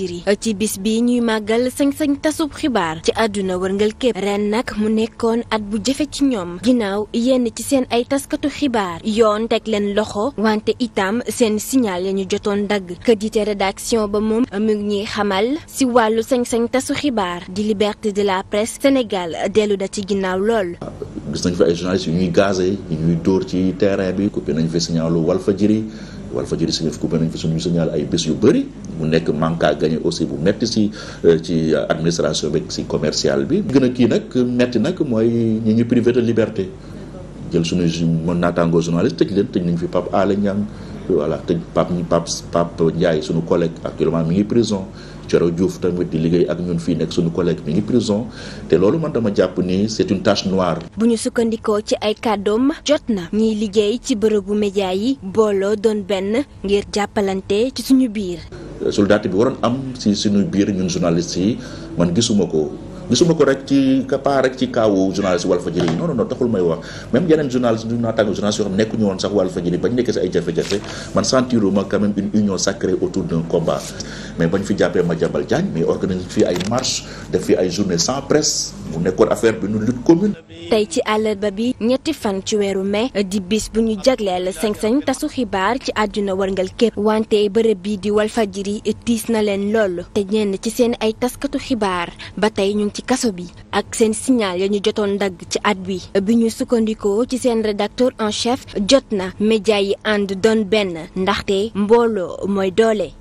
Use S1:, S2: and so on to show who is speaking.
S1: Walfadjri ci bis bi ñuy màggal sañ-sañ tasub xibaar ci àdduna wërngal képp ren nag mu nekkoon at bu jëfe ci ñoom ginnaaw yenn ci seen ay taskatu xibaar yoon teg leen loxo wante itam seen signal ya ñu jotoon dagg kër jite rédaction ba moom mu ñuy xamal si wàllu sañ-sañ tasu xibaar di liberté de la presse Sénégal dellu da ci ginnaaw lool.
S2: gis nañ fi ay journalistes yu ñuy gazé yu ñuy dóor ci terrain bi coupé nañ fi signalu Walfadjri Walfadjri signa fukk nañ fa suñu signal ay bés yu bëri mu nekk manque à aussi bu metti si euh, ci administration bi si commercial bi gën a kii nag metti nag mooy ñu ñu privé de liberté jël suñu mën naataangoo journaliste tëj leen tëj nañ fi Pape ale Niang voilà te Pape Pape Pape Ndiaye sunu collègue actuellement mi ngi prison Thioro Diouf tamit di ak ñun fii nekk sunu collègue mi ngi prison te loolu man dama jàpp ni c'est une tâche noire.
S1: bu ñu sukkandikoo ci ay kàddoom jot na ñiy liggéey ci bërëbu média yi booloo doon benn ngir jàppalante ci suñu biir.
S2: soldat bi waroon am si suñu biir ñun journalistes yi man gisuma ko. gisuma ko rek ci pas rek ci kaawu journaliste Walfadjri yi non non taxul may wax même yeneen journaliste du naataango journaliste yoo xam nekkuñu woon sax Walfadjri ba ñu nekkee si ay jafe-jafe man sentiruma quand une union sacrée autour d'un combat mais bañ fi jàppee Madiambal Diagne mais organise fii ay marche def fi ay journée sans presse mu nekkoon affaire bi nu lutte commune
S1: tey ci àllarba bi ñetti fan ci weeru mai di bis bu ñu jagleel sañ-sañ tasu xibaar ci àdduna warngal képp wante bërëb bii di Walfadjri tiis na leen lool te ñenn ci seen ay taskatu xibaar ba tey ñu ngi ci kaso bi ak seen signal ya ñu jotoon dagg ci at bi bi ñu sukkandikoo ci seen rédacteur en chef jot na média yi ànd doon benn ndaxte mbooloo mooy doole